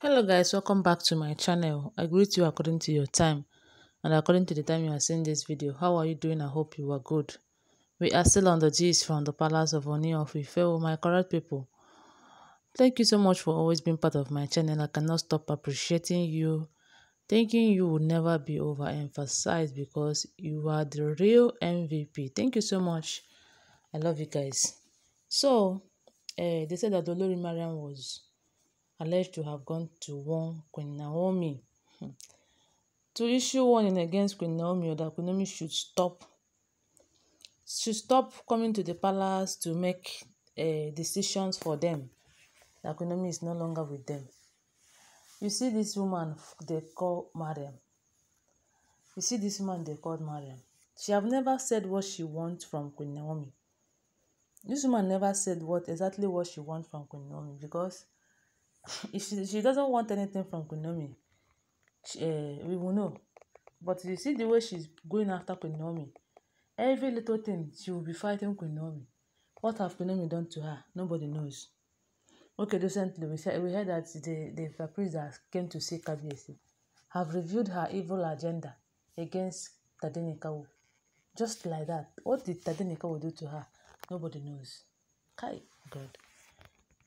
hello guys welcome back to my channel i greet you according to your time and according to the time you are seeing this video how are you doing i hope you are good we are still on the gist from the palace of oni of ife oh my correct people thank you so much for always being part of my channel i cannot stop appreciating you thinking you will never be overemphasized because you are the real mvp thank you so much i love you guys so uh, they said that Olori Mariam was alleged to have gone to warn Queen Naomi hmm. to issue warning against Queen Naomi or that Queen Naomi should stop should stop coming to the palace to make uh, decisions for them. That Queen Naomi is no longer with them. You see this woman they call Mariam. You see this woman they called Mariam. She have never said what she wants from Queen Naomi. This woman never said what exactly what she wants from Queen Naomi because if she, she doesn't want anything from Kunomi, she, uh, we will know. But you see the way she's going after Kunomi, every little thing she will be fighting Kunomi. What have Kunomi done to her? Nobody knows. Okay, recently we, said, we heard that the, the Papris that came to see Kabiesi have revealed her evil agenda against Tadenikawo. Just like that. What did Tadenikawo do to her? Nobody knows. Kai, God.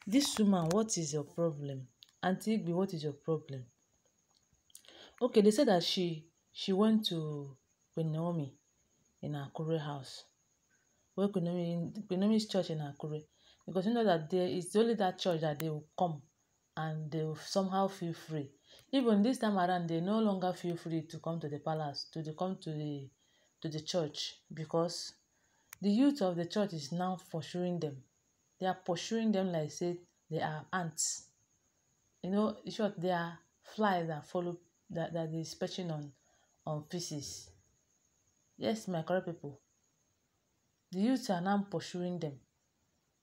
This woman, what is your problem? Auntie, Igwe, what is your problem? Okay, they said that she she went to Queen in Akure house. Well, Queen Naomi, Queen church in Akure. Because you know that there is only that church that they will come and they will somehow feel free. Even this time around, they no longer feel free to come to the palace, to the, come to the to the church because the youth of the church is now pursuing them They are pursuing them like say they are ants. You know, in short, they are flies that follow that that is perching on on feces. Yes, my correct people. The youths are now pursuing them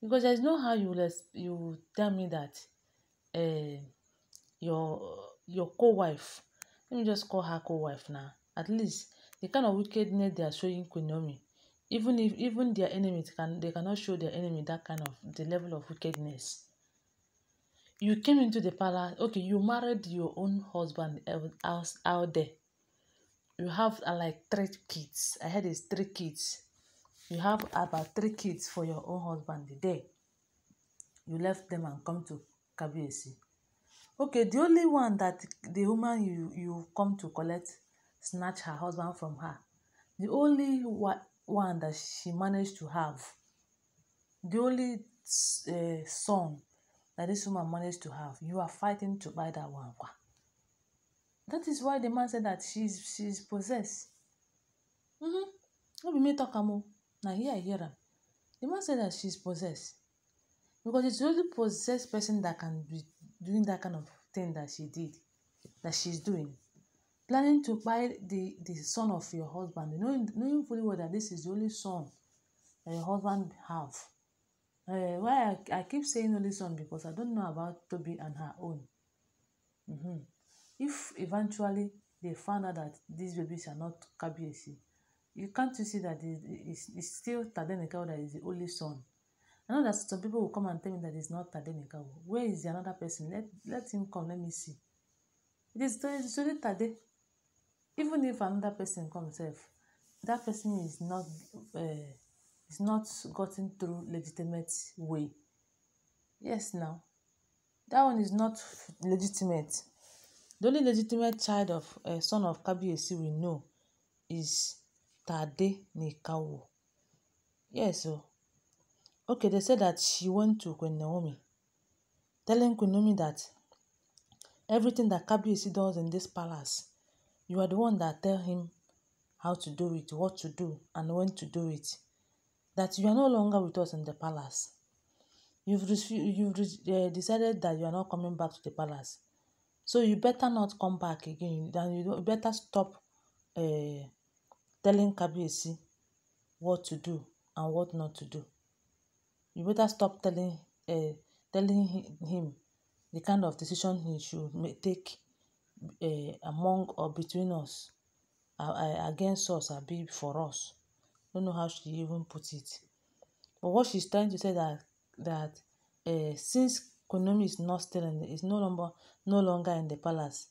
because there is no how you will you tell me that uh, your your co-wife let me just call her co-wife now at least the kind of wickedness they are showing Queen Naomi even if even their enemies can they cannot show their enemy that kind of the level of wickedness you came into the palace okay you married your own husband out, out there you have uh, like three kids i had these three kids you have about three kids for your own husband day you left them and come to kabiesi okay the only one that the woman you you come to collect snatch her husband from her the only one that she managed to have. The only uh, son that this woman managed to have, you are fighting to buy that one. That is why the man said that she's she's possessed. Mm-hmm. Let me talk am Na here I hear am. The man said that she's possessed. Because it's only possessed person that can be doing that kind of thing that she did, that she's doing. planning to kpai the the son of your husband knowing knowing fully well that this is the only son that your husband have uh, why I, I keep saying only son because I don't know about Toby and her own mm-hmm. if eventually they find out that these babies are not Kabiyesi you can't you see that it, it, it's, it's still Tadenikawo that is the only son I know that some people will come and tell me that it's not Tadenikawo where is the another person let let him come let me see it is it is only Tade even if another person come sef that person is not uh, is not gotten through legitimate way yes now that one is not legitimate the only legitimate child of uh, son of kabiyesi we know is tade nikawo yes o oh. okay they said that she went to queen naomi telling queen naomi that everything that kabiyesi does in this palace You are the one that tell him how to do it, what to do, and when to do it. That you are no longer with us in the palace. You've, refu- you've re- uh, decided that you are not coming back to the palace. So you better not come back again. Then you better stop uh, telling Kabiesi what to do and what not to do. You better stop telling uh, telling him the kind of decision he should take Uh, among or between us, uh, against us, abi for us. Don't know how she even put it. But what she's trying to say that that uh, since Konami is not still in, the, is no longer no longer in the palace,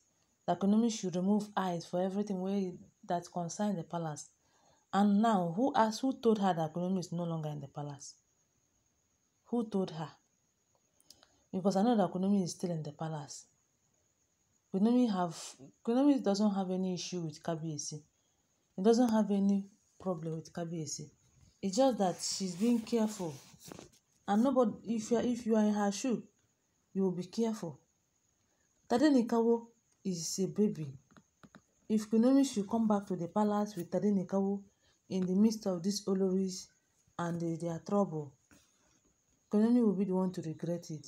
that Konami should remove eyes for everything where that concern the palace. And now, who asked, who told her that Konami is no longer in the palace? Who told her? Because I know that Konami is still in the palace. Bonomi have Bonomi doesn't have any issue with Kabiyesi. it doesn't have any problem with Kabiyesi. It's just that she's being careful. And nobody if you if you are in her shoe, you will be careful. Tadenikawo is a baby. If Bonomi should come back to the palace with Tadenikawo in the midst of these Oloris and uh, their trouble, Bonomi will be the one to regret it.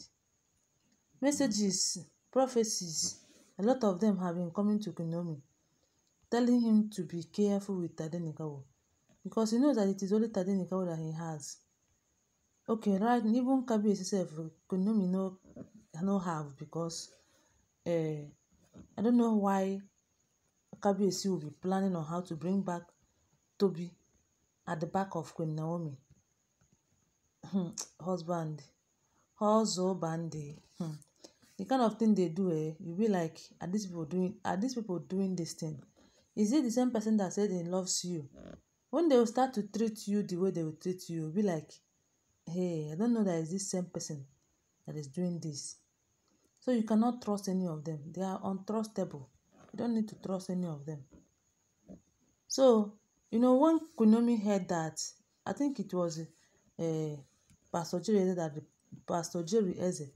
Messages, prophecies. A lot of them have been coming to Kunomi, telling him to be careful with Tadenikawo because he knows that it is only Tadenikawo that he has. Okay, right, even Kabiyesi himself, Kunomi no, no have because uh, I don't know why Kabiyesi will be planning on how to bring back Toby at the back of Queen Naomi. Hmm, husband, husband, hmm the kind of thing they do eh, you be like, are these people doing are these people doing this thing? Is it the same person that said he loves you? When they will start to treat you the way they will treat you, you'll be like, Hey, I don't know that is this same person that is doing this. So you cannot trust any of them. They are untrustable. You don't need to trust any of them. So, you know, when Kunomi heard that, I think it was uh, Pastor Jerry that Pastor Jerry Eze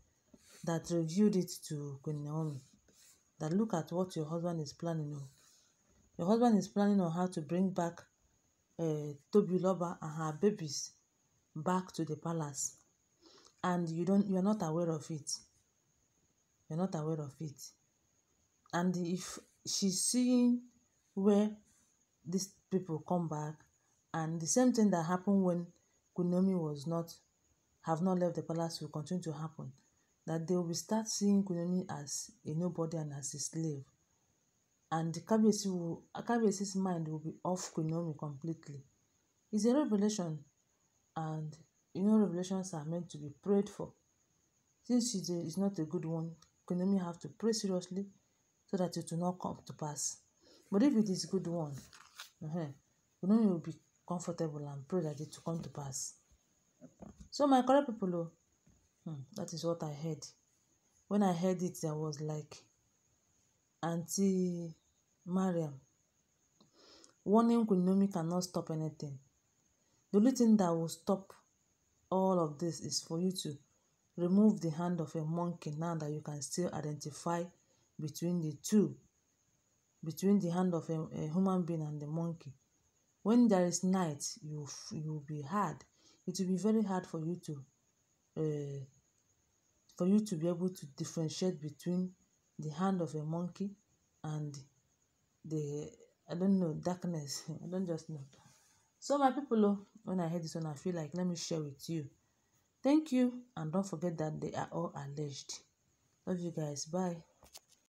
that revealed it to Queen Naomi that look at what your husband is planning on. Your husband is planning on how to bring back uh, eh, Tobiloba and her babies back to the palace, and you don't, you're not aware of it. You're not aware of it, and if she's seeing where these people come back, and the same thing that happened when Queen was not, have not left the palace will continue to happen that they will start seeing Gunomi as a nobody and as a slave. And Kabiyesi will Kabiyesi's mind will be off Gunomi completely. It's a revelation and you know revelations are meant to be prayed for. Since it is not a good one, Gunomi have to pray seriously so that it will not come to pass. But if it is a good one, uh-huh, Gunomi will be comfortable and pray that it will come to pass. So my correct people, oh, Hmm, that is what I heard. When I heard it, I was like, Auntie Mariam, one Kunomi cannot stop anything. The only thing that will stop all of this is for you to remove the hand of a monkey now that you can still identify between the two, between the hand of a, a human being and the monkey. When there is night, you you will be hard. It will be very hard for you to uh, for you to be able to differentiate between the hand of a monkey and the I don't know darkness. I don't just know. So my people, oh, when I hear this one, I feel like let me share with you. Thank you, and don't forget that they are all alleged. Love you guys. Bye.